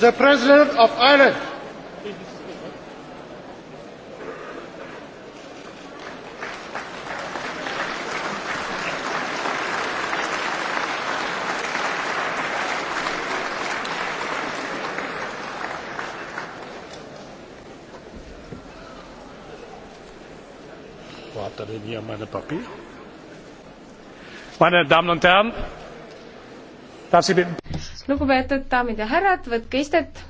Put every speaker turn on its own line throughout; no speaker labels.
the President of Ireland.
Wo hat er denn hier meine Papiere? Meine Damen und Herren, darf Sie bitten lugupeetud daamid ja härrad, võtke istet.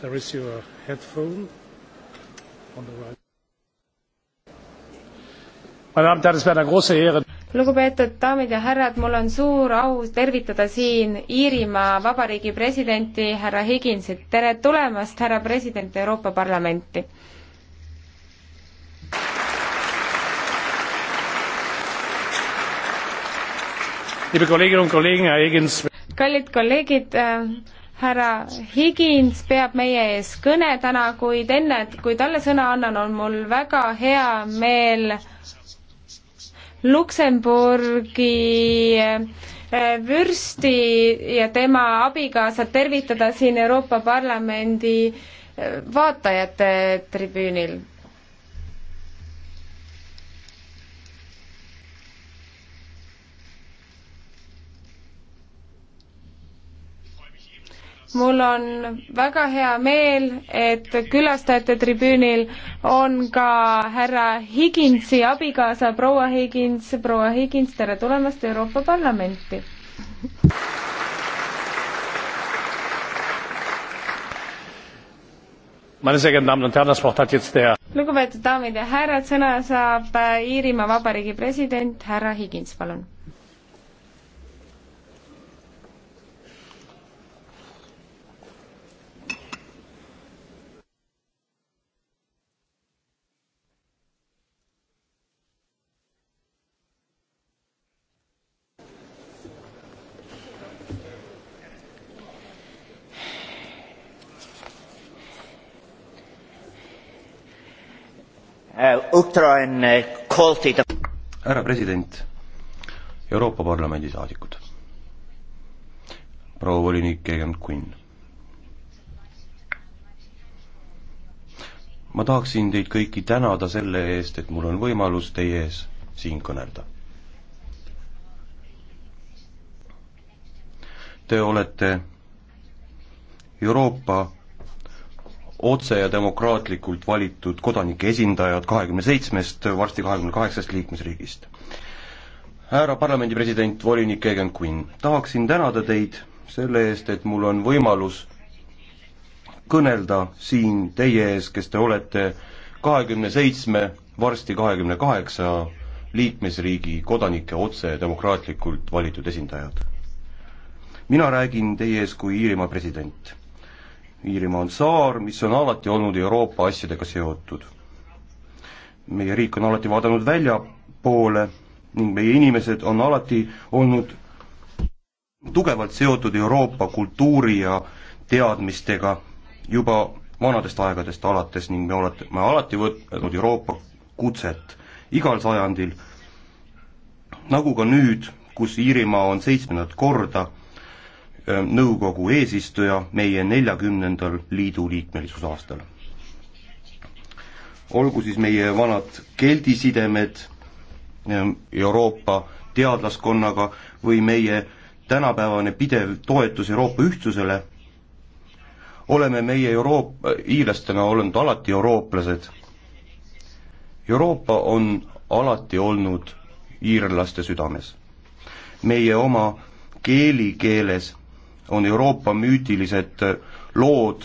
There is your headphone on the right. Meine Damen und Herren, es wäre eine große Ehre lugupeetud daamid ja härrad, mul on suur au tervitada siin Iirimaa Vabariigi presidenti härra Higginsit. tere tulemast, härra president Euroopa Parlamenti! kallid kolleegid, äh, härra Higins peab meie ees kõne täna, kuid enne, kui talle sõna annan, on mul väga hea meel Luksemburgi äh, vürsti ja tema abikaasat tervitada siin Euroopa Parlamendi äh, vaatajate tribüünil mul on väga hea meel, et külastajate tribüünil on ka härra Higinsi abikaasa proua Higins. proua Higins, tere tulemast Euroopa Parlamenti! lugupeetud daamid ja härrad, sõna saab Iirimaa Vabariigi president härra Higins, palun Eh,
härra president, Euroopa Parlamendi saadikud, proua volinik Egan Quinn. ma tahaksin teid kõiki tänada selle eest, et mul on võimalus teie ees siin kõnelda te olete Euroopa otse ja demokraatlikult valitud kodanike esindajad kahekümne seitsmest, varsti kahekümne kaheksast liikmesriigist. härra parlamendi president, volinik Egan Quinn, tahaksin tänada teid selle eest, et mul on võimalus kõnelda siin teie ees, kes te olete kahekümne seitsme, varsti kahekümne kaheksa liikmesriigi kodanike otse demokraatlikult valitud esindajad. mina räägin teie ees kui Iirimaa president Iirimaa on saar, mis on alati olnud Euroopa asjadega seotud. meie riik on alati vaadanud väljapoole ning meie inimesed on alati olnud tugevalt seotud Euroopa kultuuri ja teadmistega juba vanadest aegadest alates ning me oleme alati võtnud Euroopa kutset igal sajandil, nagu ka nüüd, kus Iirimaa on seitsmendat korda Äh, nõukogu eesistuja meie neljakümnendal liidu liikmelisuse aastal. olgu siis meie vanad keldisidemed ähm, Euroopa teadlaskonnaga või meie tänapäevane pidev toetus Euroopa ühtsusele, oleme meie Euroop-, äh, iirlastena olnud alati eurooplased. Euroopa on alati olnud iirlaste südames. meie oma keeli keeles on Euroopa müütilised lood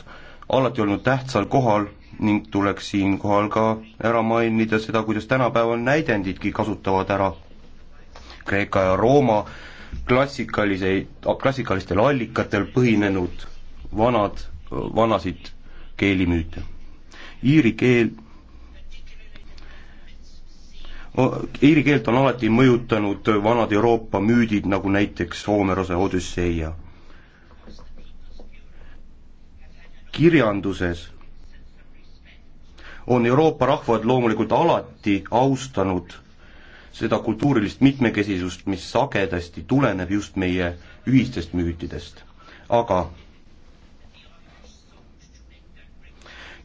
alati olnud tähtsal kohal ning tuleks siinkohal ka ära mainida seda, kuidas tänapäeval näidendidki kasutavad ära Kreeka ja Rooma klassikaliseid, klassikalistel allikatel põhinenud vanad, vanasid keelimüüte. Iiri keel, iiri keelt on alati mõjutanud vanad Euroopa müüdid, nagu näiteks Hoomerose Odüsseia kirjanduses on Euroopa rahvad loomulikult alati austanud seda kultuurilist mitmekesisust, mis sagedasti tuleneb just meie ühistest müütidest. aga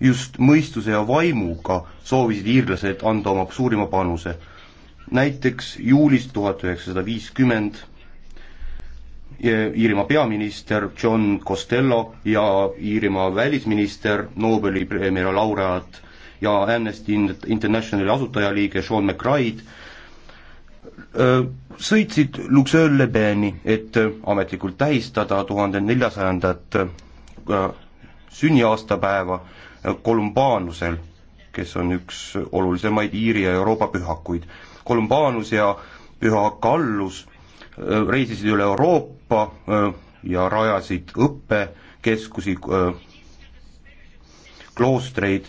just mõistuse ja vaimuga soovisid iirlased anda oma suurima panuse. näiteks juulis tuhat üheksasada viiskümmend Iirimaa peaminister John Costello ja Iirimaa välisminister, Nobeli preemia laureaat ja Amnesty Internationali asutajaliige Sean McBride sõitsid Luxeur'le Beni, et ametlikult tähistada tuhande neljasajandat sünniaastapäeva Kolumbaanusel, kes on üks olulisemaid Iiri ja Euroopa pühakuid. Kolumbaanus ja püha Kallus reisisid üle Euroopa, Euroopa ja rajasid õppekeskusi, kloostreid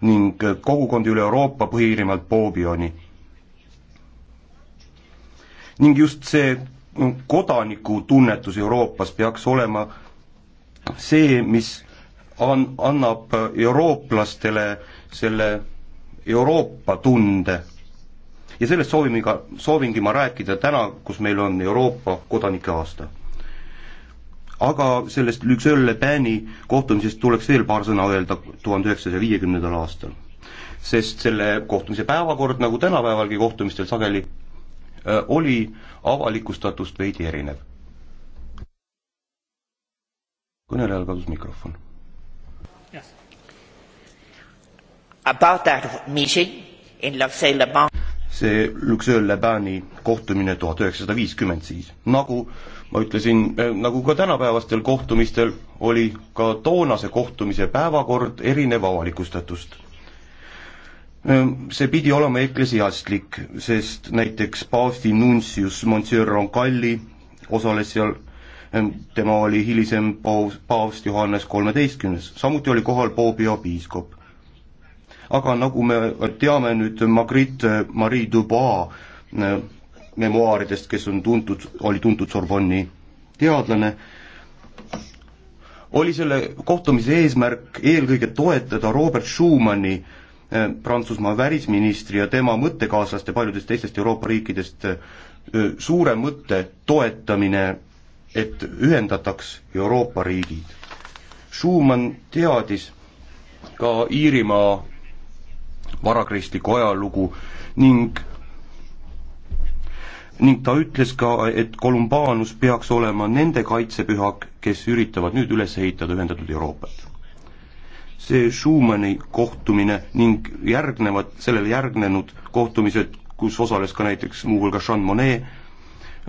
ning kogukondi üle Euroopa, põhilinimelt Boobioni. ning just see mm, kodanikutunnetus Euroopas peaks olema see, mis an-, annab eurooplastele selle Euroopa tunde ja sellest soovimiga, soovingi ma rääkida täna, kus meil on Euroopa kodanike aasta. aga sellest Luxeuil Le Peni kohtumisest tuleks veel paar sõna öelda tuhande üheksasaja viiekümnendal aastal. sest selle kohtumise päevakord, nagu tänapäevalgi kohtumistel sageli, oli avalikustatust veidi erinev. kõnelejal kadus mikrofon.
About that meeting
in Luxeuil Le Pen see Luxeul Lebani kohtumine tuhat üheksasada viiskümmend siis. nagu ma ütlesin, eh, nagu ka tänapäevastel kohtumistel, oli ka toonase kohtumise päevakord erinev avalikustatust. Eh, see pidi olema eklesiastlik, sest näiteks paavsti nuntsius Monsieur Roncalli osales seal, eh, tema oli hilisem paavst Johannes kolmeteistkümnes, samuti oli kohal Poobia piiskop aga nagu me teame nüüd Magritte Marie Dubois äh, memuaaridest, kes on tuntud, oli tuntud Sorbonni teadlane, oli selle kohtumise eesmärk eelkõige toetada Robert Schumanni äh, Prantsusmaa välisministri ja tema mõttekaaslaste paljudest teistest Euroopa riikidest äh, suure mõtte toetamine, et ühendataks Euroopa riigid. Schumann teadis ka Iirimaa Varakristiku ajalugu ning ning ta ütles ka, et Kolumbaanus peaks olema nende kaitsepühak, kes üritavad nüüd üles ehitada ühendatud Euroopat. see Schumanni kohtumine ning järgnevad, sellele järgnenud kohtumised, kus osales ka näiteks muuhulgas Jean Monnet,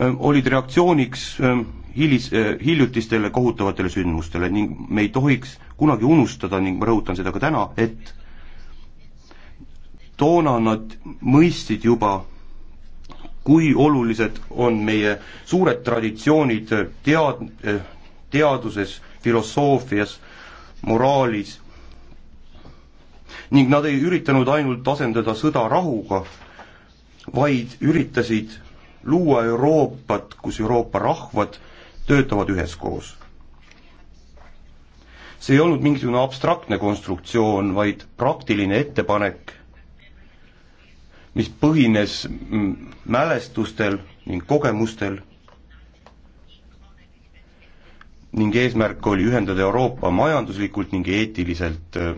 ähm, olid reaktsiooniks ähm, hilis, äh, hiljutistele kohutavatele sündmustele ning me ei tohiks kunagi unustada ning ma rõhutan seda ka täna, et toona nad mõistsid juba, kui olulised on meie suured traditsioonid tead-, teaduses, filosoofias, moraalis ning nad ei üritanud ainult asendada sõda rahuga, vaid üritasid luua Euroopat, kus Euroopa rahvad töötavad üheskoos. see ei olnud mingisugune abstraktne konstruktsioon, vaid praktiline ettepanek mis põhines mm, mälestustel ning kogemustel ning eesmärk oli ühendada Euroopa majanduslikult ning eetiliselt. Äh,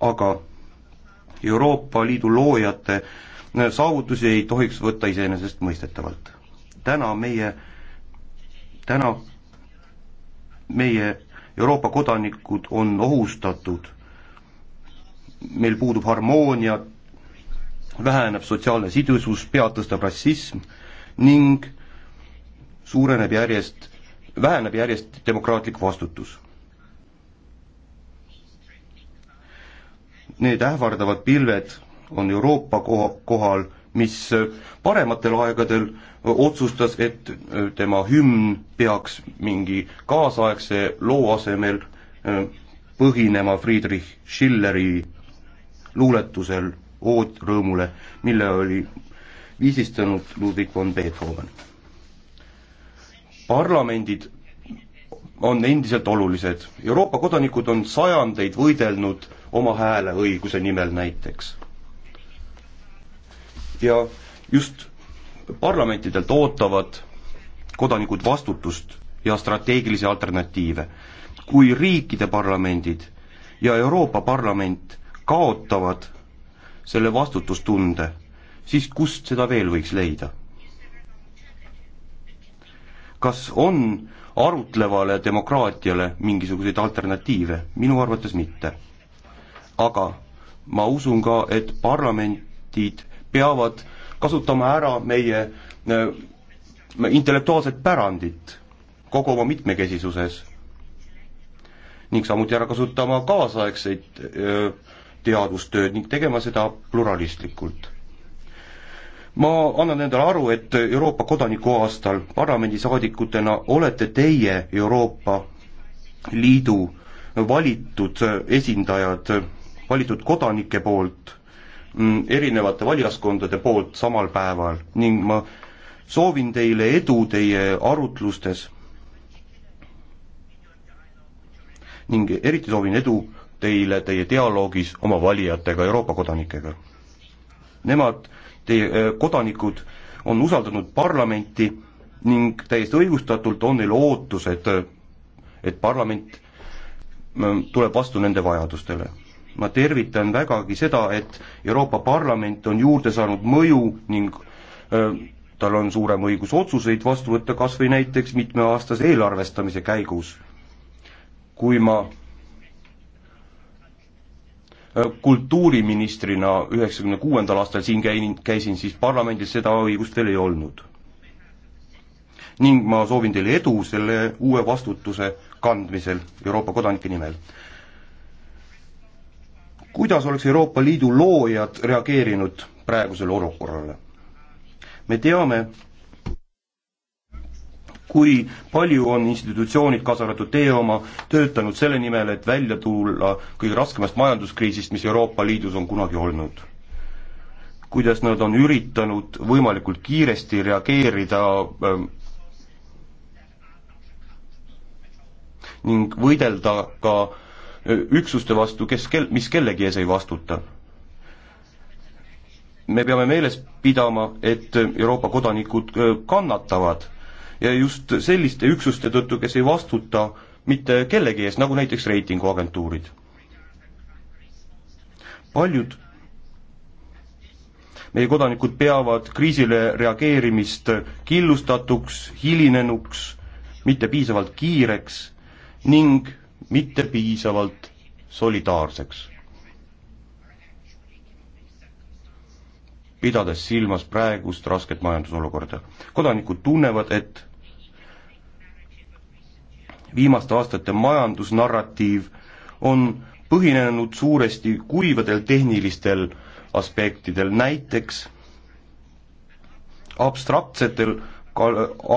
aga Euroopa Liidu loojate äh, saavutusi ei tohiks võtta iseenesestmõistetavalt. täna meie, täna meie Euroopa kodanikud on ohustatud meil puudub harmoonia, väheneb sotsiaalne sidusus, pead tõstab rassism ning suureneb järjest, väheneb järjest demokraatlik vastutus. Need ähvardavad pilved on Euroopa koha, kohal, mis parematel aegadel otsustas, et tema hümn peaks mingi kaasaegse loo asemel põhinema Friedrich Schilleri luuletusel Ood rõõmule, mille oli viisistanud Ludwig von Beethoven. parlamendid on endiselt olulised, Euroopa kodanikud on sajandeid võidelnud oma hääleõiguse nimel näiteks. ja just parlamentidelt ootavad kodanikud vastutust ja strateegilisi alternatiive. kui riikide parlamendid ja Euroopa Parlament kaotavad selle vastutustunde, siis kust seda veel võiks leida? kas on arutlevale demokraatiale mingisuguseid alternatiive, minu arvates mitte. aga ma usun ka, et parlamentid peavad kasutama ära meie äh, intellektuaalset pärandit kogu oma mitmekesisuses ning samuti ära kasutama kaasaegseid öö, äh, teadustööd ning tegema seda pluralistlikult. ma annan endale aru, et Euroopa kodanikuaastal parlamendisaadikutena olete teie Euroopa Liidu valitud esindajad, valitud kodanike poolt, mm, erinevate valijaskondade poolt samal päeval ning ma soovin teile edu teie arutlustes ning eriti soovin edu teile teie dialoogis oma valijatega, Euroopa kodanikega. Nemad, teie eh, kodanikud, on usaldanud parlamenti ning täiesti õigustatult on neil ootused, et parlament mm, tuleb vastu nende vajadustele. ma tervitan vägagi seda, et Euroopa Parlament on juurde saanud mõju ning öö, eh, tal on suurem õigus otsuseid vastu võtta kas või näiteks mitmeaastase eelarvestamise käigus kui ma äh, kultuuriministrina üheksakümne kuuendal aastal siin käin, käisin, siis parlamendis seda õigust veel ei olnud. ning ma soovin teile edu selle uue vastutuse kandmisel Euroopa kodanike nimel. kuidas oleks Euroopa Liidu loojad reageerinud praegusele olukorrale? me teame, kui palju on institutsioonid, kaasa arvatud teie oma, töötanud selle nimel, et välja tulla kõige raskemast majanduskriisist, mis Euroopa Liidus on kunagi olnud? kuidas nad on üritanud võimalikult kiiresti reageerida ähm, ning võidelda ka äh, üksuste vastu, kes kel-, mis kellegi ees ei vastuta me peame meeles pidama, et Euroopa kodanikud äh, kannatavad ja just selliste üksuste tõttu, kes ei vastuta mitte kellegi ees, nagu näiteks reitinguagentuurid. paljud meie kodanikud peavad kriisile reageerimist killustatuks, hilinenuks, mitte piisavalt kiireks ning mitte piisavalt solidaarseks pidades silmas praegust rasket majandusolukorda. kodanikud tunnevad, et viimaste aastate majandusnarratiiv on põhinenud suuresti kuivadel tehnilistel aspektidel, näiteks abstraktsetel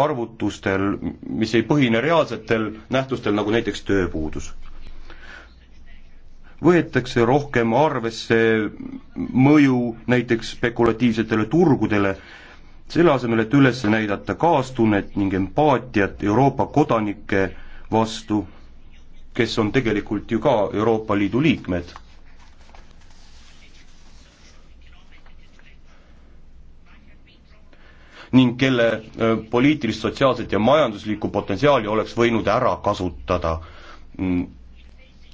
arvutustel, mis ei põhine reaalsetel nähtustel, nagu näiteks tööpuudus võetakse rohkem arvesse mõju näiteks spekulatiivsetele turgudele, selle asemel, et üles näidata kaastunnet ning empaatiat Euroopa kodanike vastu, kes on tegelikult ju ka Euroopa Liidu liikmed. ning kelle poliitilist, sotsiaalset ja majanduslikku potentsiaali oleks võinud ära kasutada mm,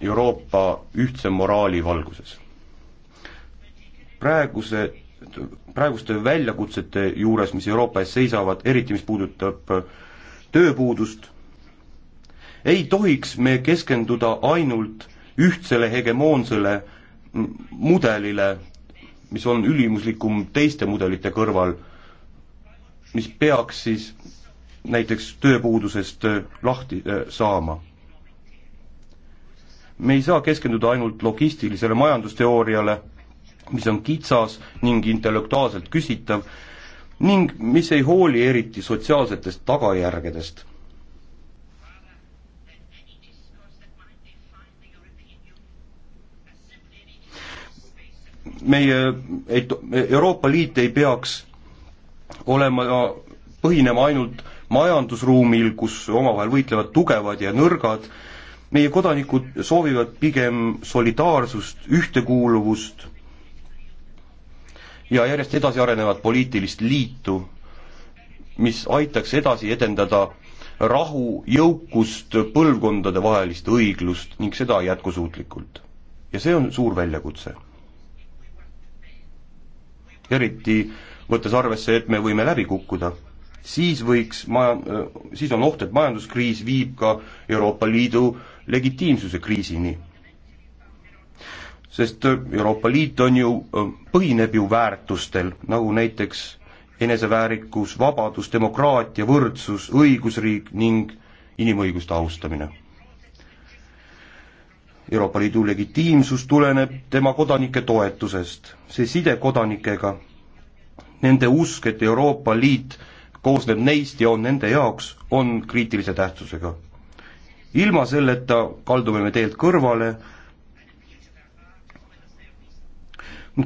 Euroopa ühtse moraali valguses. praeguse, praeguste väljakutsete juures, mis Euroopa ees seisavad, eriti mis puudutab äh, tööpuudust, ei tohiks me keskenduda ainult ühtsele hegemoonsele mudelile, mis on ülimuslikum teiste mudelite kõrval, mis peaks siis näiteks tööpuudusest äh, lahti äh, saama me ei saa keskenduda ainult logistilisele majandusteooriale, mis on kitsas ning intellektuaalselt küsitav ning mis ei hooli eriti sotsiaalsetest tagajärgedest. meie, et Euroopa Liit ei peaks olema, põhinema ainult majandusruumil, kus omavahel võitlevad tugevad ja nõrgad, meie kodanikud soovivad pigem solidaarsust, ühtekuuluvust ja järjest edasi arenevat poliitilist liitu, mis aitaks edasi edendada rahu, jõukust, põlvkondadevahelist õiglust ning seda jätkusuutlikult. ja see on suur väljakutse. eriti võttes arvesse, et me võime läbi kukkuda siis võiks maja, siis on oht, et majanduskriis viib ka Euroopa Liidu legitiimsuse kriisini. sest äh, Euroopa Liit on ju, äh, põhineb ju väärtustel, nagu näiteks eneseväärikus, vabadus, demokraatia, võrdsus, õigusriik ning inimõiguste austamine. Euroopa Liidu legitiimsus tuleneb tema kodanike toetusest, see side kodanikega, nende usk, et Euroopa Liit koosneb neist ja on nende jaoks, on kriitilise tähtsusega. ilma selleta kaldume me teelt kõrvale,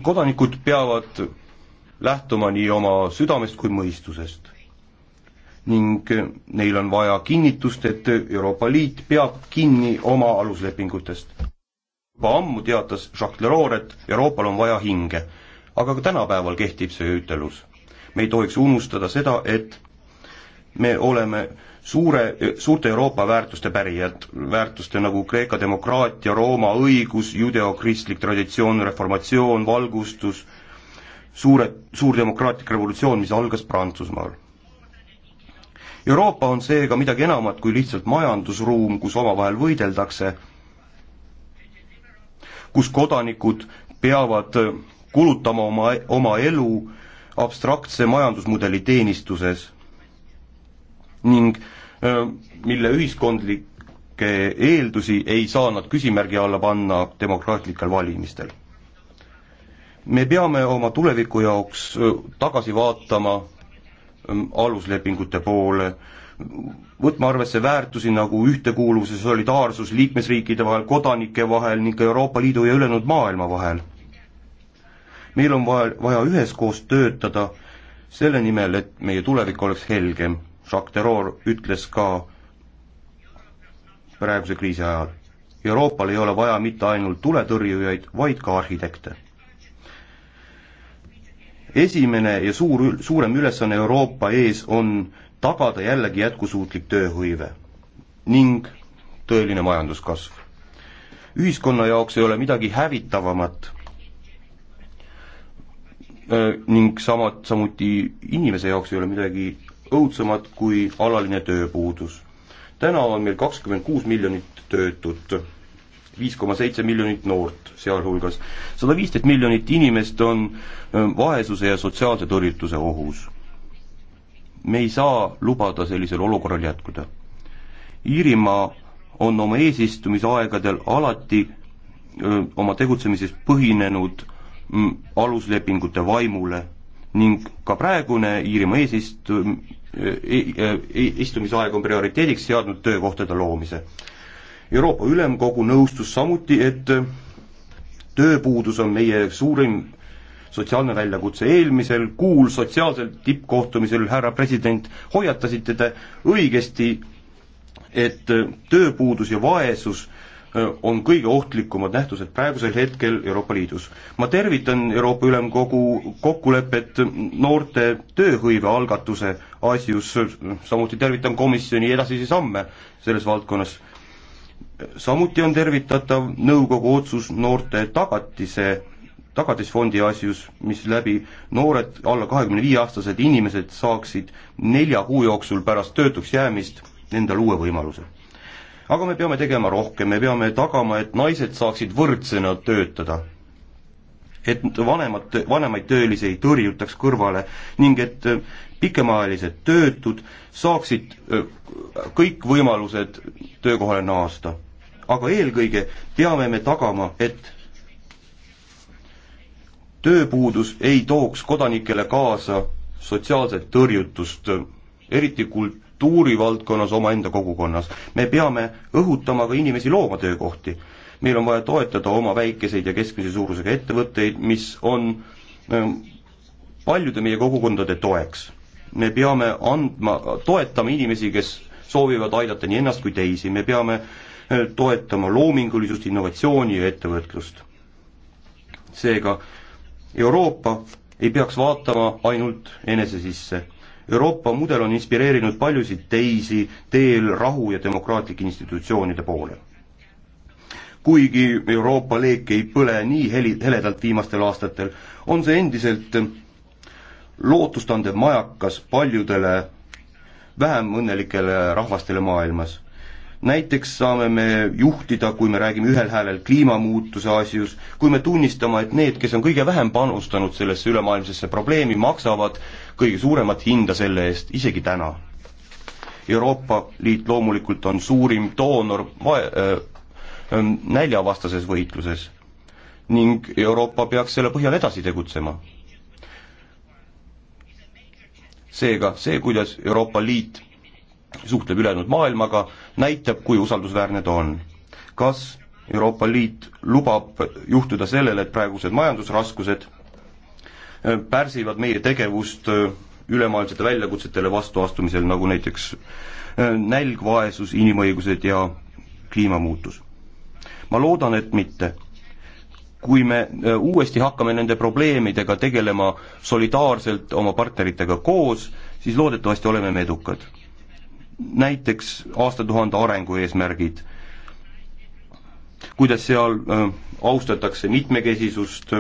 kodanikud peavad lähtuma nii oma südamest kui mõistusest. ning neil on vaja kinnitust, et Euroopa Liit peab kinni oma aluslepingutest. juba ammu teatas Jacques Delors, et Euroopal on vaja hinge, aga ka tänapäeval kehtib see ütelus me ei tohiks unustada seda, et me oleme suure, suurte Euroopa väärtuste pärijad, väärtuste nagu Kreeka demokraatia, Rooma õigus, judeokristlik traditsioon, reformatsioon, valgustus, suure, suur demokraatlik revolutsioon, mis algas Prantsusmaal. Euroopa on seega midagi enamat kui lihtsalt majandusruum, kus omavahel võideldakse, kus kodanikud peavad kulutama oma, oma elu abstraktse majandusmudeli teenistuses ning mille ühiskondlikke eeldusi ei saa nad küsimärgi alla panna demokraatlikel valimistel. me peame oma tuleviku jaoks tagasi vaatama aluslepingute poole, võtma arvesse väärtusi nagu ühtekuuluvus ja solidaarsus liikmesriikide vahel, kodanike vahel ning ka Euroopa Liidu ja ülejäänud maailma vahel meil on vaja, vaja üheskoos töötada selle nimel, et meie tulevik oleks helgem. Jacques Delors ütles ka praeguse kriisi ajal. Euroopal ei ole vaja mitte ainult tuletõrjujaid, vaid ka arhitekte. esimene ja suur, suurem ülesanne Euroopa ees on tagada jällegi jätkusuutlik tööhõive ning tõeline majanduskasv. ühiskonna jaoks ei ole midagi hävitavamat Äh, ning samad, samuti inimese jaoks ei ole midagi õudsemat kui alaline tööpuudus. täna on meil kakskümmend kuus miljonit töötut, viis koma seitse miljonit noort sealhulgas. sada viisteist miljonit inimest on äh, vaesuse ja sotsiaalse tõrjutuse ohus. me ei saa lubada sellisel olukorral jätkuda. Iirimaa on oma eesistumisaegadel alati öö, äh, oma tegutsemises põhinenud öö, aluslepingute vaimule ning ka praegune Iirimaa eesistu-, e, e, e, istumisaeg on prioriteediks seadnud töökohtade loomise. Euroopa Ülemkogu nõustus samuti, et tööpuudus on meie suurim sotsiaalne väljakutse. eelmisel kuul sotsiaalsel tippkohtumisel, härra president, hoiatasite te õigesti, et tööpuudus ja vaesus on kõige ohtlikumad nähtused praegusel hetkel Euroopa Liidus. ma tervitan Euroopa Ülemkogu kokkulepet noorte tööhõive algatuse asjus, samuti tervitan komisjoni edasisi samme selles valdkonnas. samuti on tervitatav nõukogu otsus noorte tagatise tagatisfondi asjus, mis läbi noored alla kahekümne viie aastased inimesed saaksid nelja kuu jooksul pärast töötuks jäämist endale uue võimaluse aga me peame tegema rohkem, me peame tagama, et naised saaksid võrdsena töötada. et vanemad, vanemaid töölisi ei tõrjutaks kõrvale ning et äh, pikemaajalised töötud saaksid äh, kõik võimalused töökohale naasta. aga eelkõige peame me tagama, et tööpuudus ei tooks kodanikele kaasa sotsiaalset tõrjutust, äh, eriti kult-, kultuurivaldkonnas, omaenda kogukonnas. me peame õhutama ka inimesi looma töökohti. meil on vaja toetada oma väikeseid ja keskmise suurusega ettevõtteid, mis on ähm, paljude meie kogukondade toeks. me peame andma, toetama inimesi, kes soovivad aidata nii ennast kui teisi, me peame äh, toetama loomingulisust, innovatsiooni ja ettevõtlust. seega Euroopa ei peaks vaatama ainult enese sisse Euroopa mudel on inspireerinud paljusid teisi teel rahu ja demokraatlike institutsioonide poole. kuigi Euroopa leek ei põle nii heli, heledalt viimastel aastatel, on see endiselt lootustandev majakas paljudele vähem õnnelikele rahvastele maailmas näiteks saame me juhtida, kui me räägime ühel häälel kliimamuutuse asjus, kui me tunnistame, et need, kes on kõige vähem panustanud sellesse ülemaailmsesse probleemi, maksavad kõige suuremat hinda selle eest, isegi täna. Euroopa Liit loomulikult on suurim doonor vae-, äh, näljavastases võitluses ning Euroopa peaks selle põhjal edasi tegutsema seega see, kuidas Euroopa Liit suhtleb ülejäänud maailmaga, näitab, kui usaldusväärne ta on. kas Euroopa Liit lubab juhtuda sellele, et praegused majandusraskused äh, pärsivad meie tegevust äh, ülemaailmsete väljakutsetele vastuastumisel, nagu näiteks äh, nälg, vaesus, inimõigused ja kliimamuutus. ma loodan, et mitte. kui me uuesti hakkame nende probleemidega tegelema solidaarselt oma partneritega koos, siis loodetavasti oleme me edukad näiteks aastatuhande arengueesmärgid, kuidas seal äh, austatakse mitmekesisust,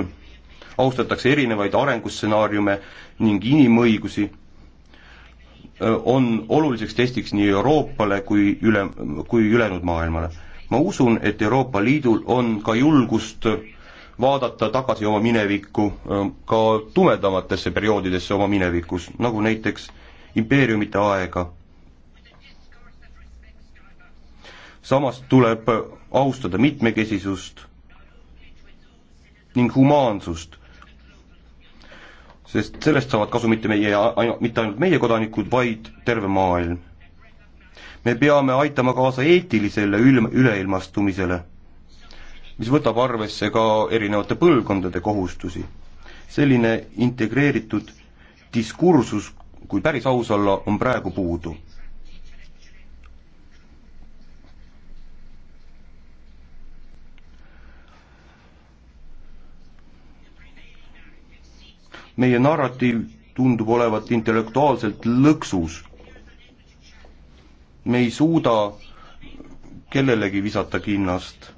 austatakse erinevaid arengustsenaariume ning inimõigusi, äh, on oluliseks testiks nii Euroopale kui üle, kui ülejäänud maailmale. ma usun, et Euroopa Liidul on ka julgust vaadata tagasi oma minevikku, äh, ka tumedamatesse perioodidesse oma minevikus, nagu näiteks impeeriumite aega samas tuleb austada mitmekesisust ning humaansust, sest sellest saavad kasu mitte meie, mitte ainult meie kodanikud, vaid terve maailm. me peame aitama kaasa eetilisele ülm-, üleilmastumisele, mis võtab arvesse ka erinevate põlvkondade kohustusi. selline integreeritud diskursus, kui päris aus olla, on praegu puudu meie narratiiv tundub olevat intellektuaalselt lõksus. me ei suuda kellelegi visata kinnast.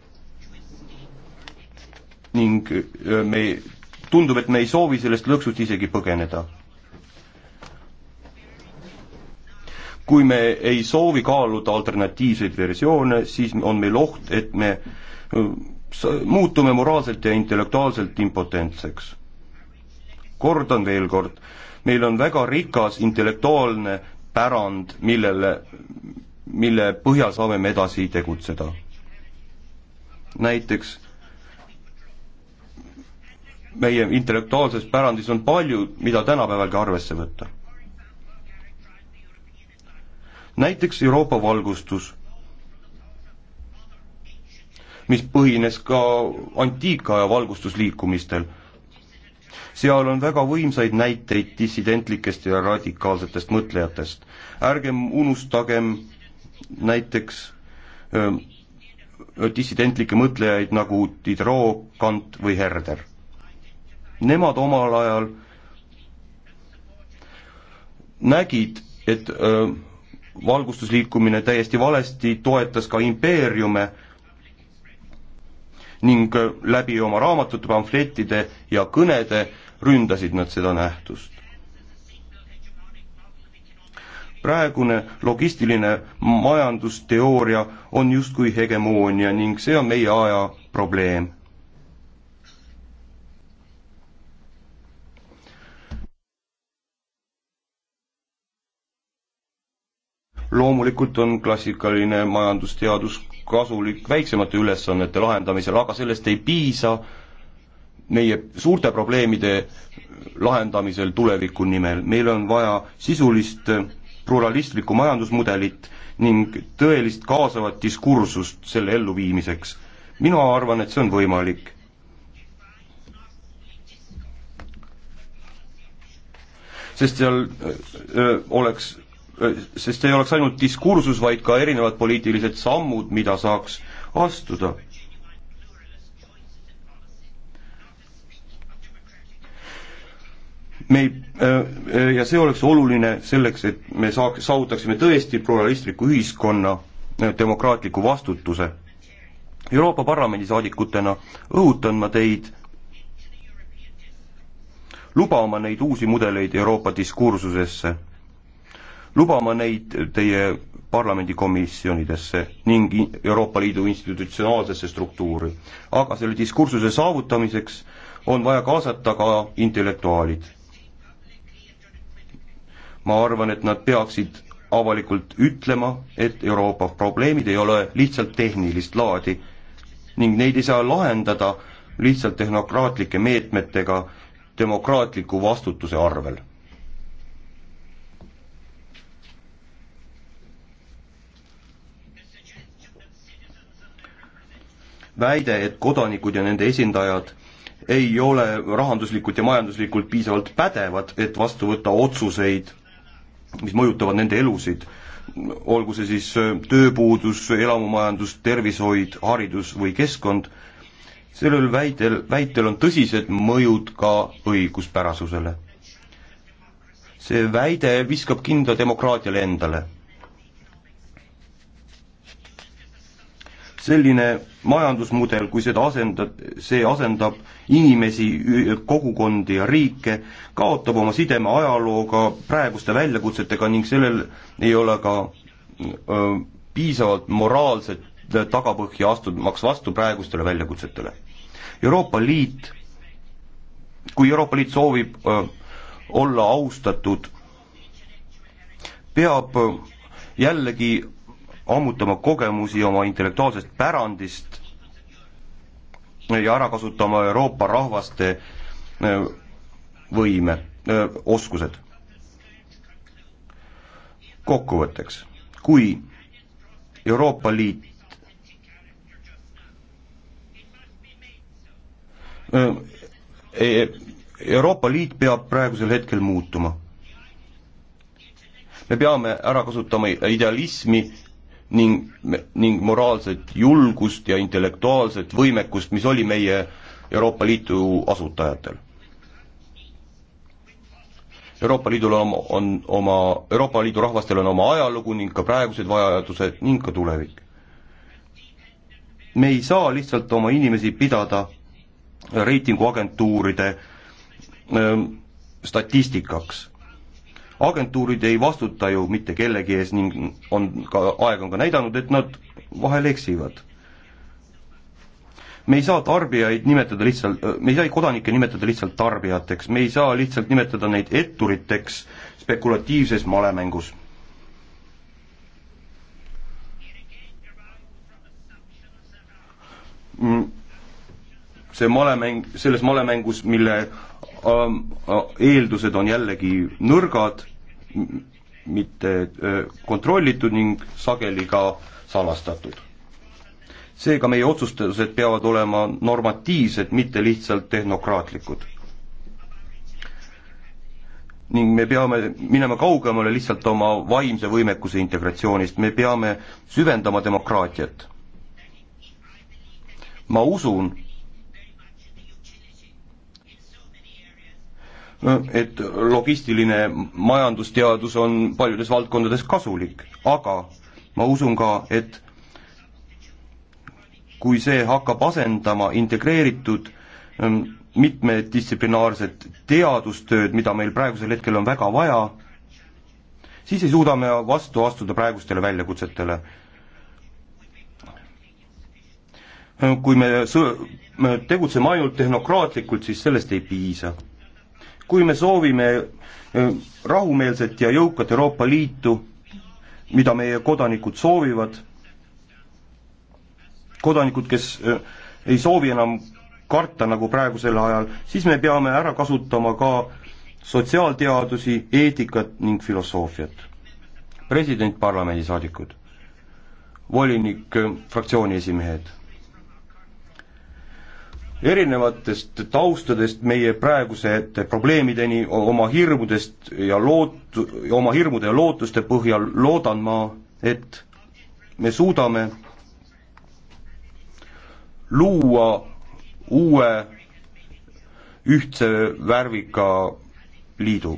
ning me, tundub, et me ei soovi sellest lõksust isegi põgeneda kui me ei soovi kaaluda alternatiivseid versioone, siis on meil oht, et me muutume moraalselt ja intellektuaalselt impotentseks kordan veel kord, meil on väga rikas intellektuaalne pärand, millele, mille põhjal saame me edasi tegutseda. näiteks meie intellektuaalses pärandis on palju, mida tänapäevalgi arvesse võtta. näiteks Euroopa valgustus, mis põhines ka antiikaja valgustusliikumistel seal on väga võimsaid näiteid dissidentlikest ja radikaalsetest mõtlejatest. ärgem unustagem näiteks öö, ähm, dissidentlikke mõtlejaid nagu Diderot, Kant või Herder. Nemad omal ajal nägid, et öö, ähm, valgustusliikumine täiesti valesti toetas ka impeeriume ning äh, läbi oma raamatute, pamflettide ja kõnede ründasid nad seda nähtust. praegune logistiline majandusteooria on justkui hegemoonia ning see on meie aja probleem loomulikult on klassikaline majandusteadus kasulik väiksemate ülesannete lahendamisel, aga sellest ei piisa, meie suurte probleemide lahendamisel tuleviku nimel, meil on vaja sisulist pluralistlikku majandusmudelit ning tõelist kaasavat diskursust selle elluviimiseks. mina arvan, et see on võimalik. sest seal öö, oleks, sest see ei oleks ainult diskursus, vaid ka erinevad poliitilised sammud, mida saaks astuda me ei, äh, äh, ja see oleks oluline selleks, et me saaks, saavutaksime tõesti pluralistliku ühiskonna äh, demokraatliku vastutuse. Euroopa Parlamendi saadikutena õhutan ma teid lubama neid uusi mudeleid Euroopa diskursusesse, lubama neid teie parlamendikomisjonidesse ning Euroopa Liidu institutsionaalsesse struktuuri. aga selle diskursuse saavutamiseks on vaja kaasata ka intellektuaalid ma arvan, et nad peaksid avalikult ütlema, et Euroopa probleemid ei ole lihtsalt tehnilist laadi ning neid ei saa lahendada lihtsalt tehnokraatlike meetmetega demokraatliku vastutuse arvel. väide, et kodanikud ja nende esindajad ei ole rahanduslikult ja majanduslikult piisavalt pädevad, et vastu võtta otsuseid mis mõjutavad nende elusid, olgu see siis äh, tööpuudus, elamumajandus, tervishoid, haridus või keskkond, sellel väitel, väitel on tõsised mõjud ka õiguspärasusele. see väide viskab kinda demokraatiale endale selline majandusmudel, kui seda asendab, see asendab inimesi, kogukondi ja riike, kaotab oma sideme ajalooga, praeguste väljakutsetega ning sellel ei ole ka öö, piisavalt moraalset tagapõhja astumaks vastu praegustele väljakutsetele. Euroopa Liit, kui Euroopa Liit soovib öö, olla austatud, peab öö, jällegi ammutama kogemusi oma intellektuaalsest pärandist ja ära kasutama Euroopa rahvaste äh, võime, äh, oskused. kokkuvõtteks, kui Euroopa Liit äh, e-, Euroopa Liit peab praegusel hetkel muutuma. me peame ära kasutama idealismi, ning, ning moraalset julgust ja intellektuaalset võimekust, mis oli meie Euroopa Liidu asutajatel. Euroopa Liidul on, on oma, Euroopa Liidu rahvastel on oma ajalugu ning ka praegused vajadused ning ka tulevik. me ei saa lihtsalt oma inimesi pidada reitinguagentuuride öö, statistikaks agentuurid ei vastuta ju mitte kellegi ees ning on ka, aeg on ka näidanud, et nad vahel eksivad. me ei saa tarbijaid nimetada lihtsalt, me ei saa kodanikke nimetada lihtsalt tarbijateks, me ei saa lihtsalt nimetada neid etturiteks spekulatiivses malemängus. Mm, see malemäng, selles malemängus, mille ähm, äh, eeldused on jällegi nõrgad mitte kontrollitud ning sageli ka salastatud. seega meie otsustused peavad olema normatiivsed, mitte lihtsalt tehnokraatlikud. ning me peame minema kaugemale lihtsalt oma vaimse võimekuse integratsioonist, me peame süvendama demokraatiat. ma usun, et logistiline majandusteadus on paljudes valdkondades kasulik, aga ma usun ka, et kui see hakkab asendama integreeritud ähm, mitmedistsiplinaarset teadustööd, mida meil praegusel hetkel on väga vaja, siis ei suuda me vastu astuda praegustele väljakutsetele. kui me sõ-, me tegutseme ainult tehnokraatlikult, siis sellest ei piisa kui me soovime äh, rahumeelset ja jõukat Euroopa Liitu, mida meie kodanikud soovivad, kodanikud, kes äh, ei soovi enam karta nagu praegusel ajal, siis me peame ära kasutama ka sotsiaalteadusi, eetikat ning filosoofiat. president, parlamendisaadikud, volinik, äh, fraktsiooni esimehed erinevatest taustadest meie praegusete probleemideni, oma hirmudest ja loot-, oma hirmude ja lootuste põhjal loodan ma, et me suudame luua uue ühtse värvika liidu,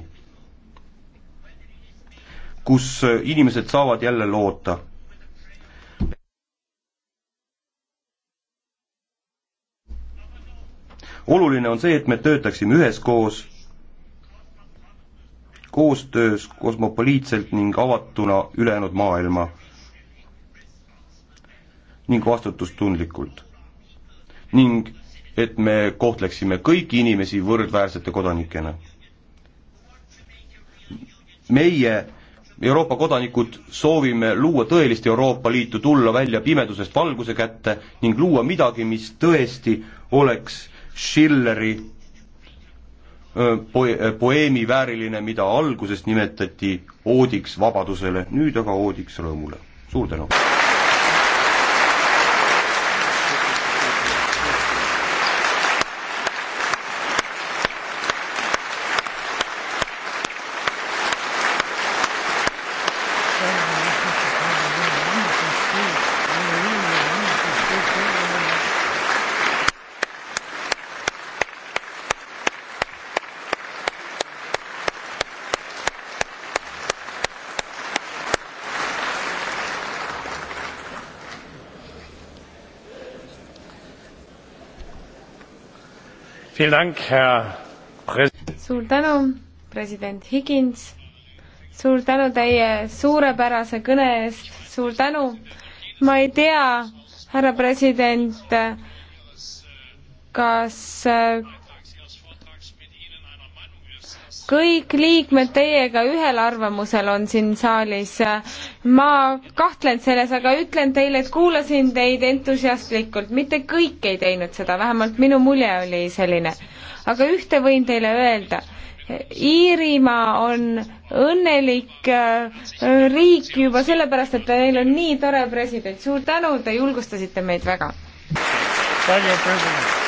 kus inimesed saavad jälle loota oluline on see, et me töötaksime üheskoos, koostöös, kosmopoliitselt ning avatuna ülejäänud maailma ning vastutustundlikult. ning et me kohtleksime kõiki inimesi võrdväärsete kodanikena. meie Euroopa kodanikud soovime luua tõelist Euroopa Liitu, tulla välja pimedusest valguse kätte ning luua midagi, mis tõesti oleks Schilleri poe-, poeemi vääriline, mida alguses nimetati oodiks vabadusele, nüüd aga oodiks rõõmule. suur tänu!
suur tänu, president Higins, suur tänu teie suurepärase kõne eest, suur tänu. ma ei tea, härra president, kas kõik liikmed teiega ühel arvamusel on siin saalis. ma kahtlen selles, aga ütlen teile, et kuulasin teid entusiastlikult, mitte kõik ei teinud seda, vähemalt minu mulje oli selline. aga ühte võin teile öelda Iirimaa on õnnelik äh, riik juba sellepärast, et neil on nii tore president. suur tänu, te julgustasite meid väga. palju
president.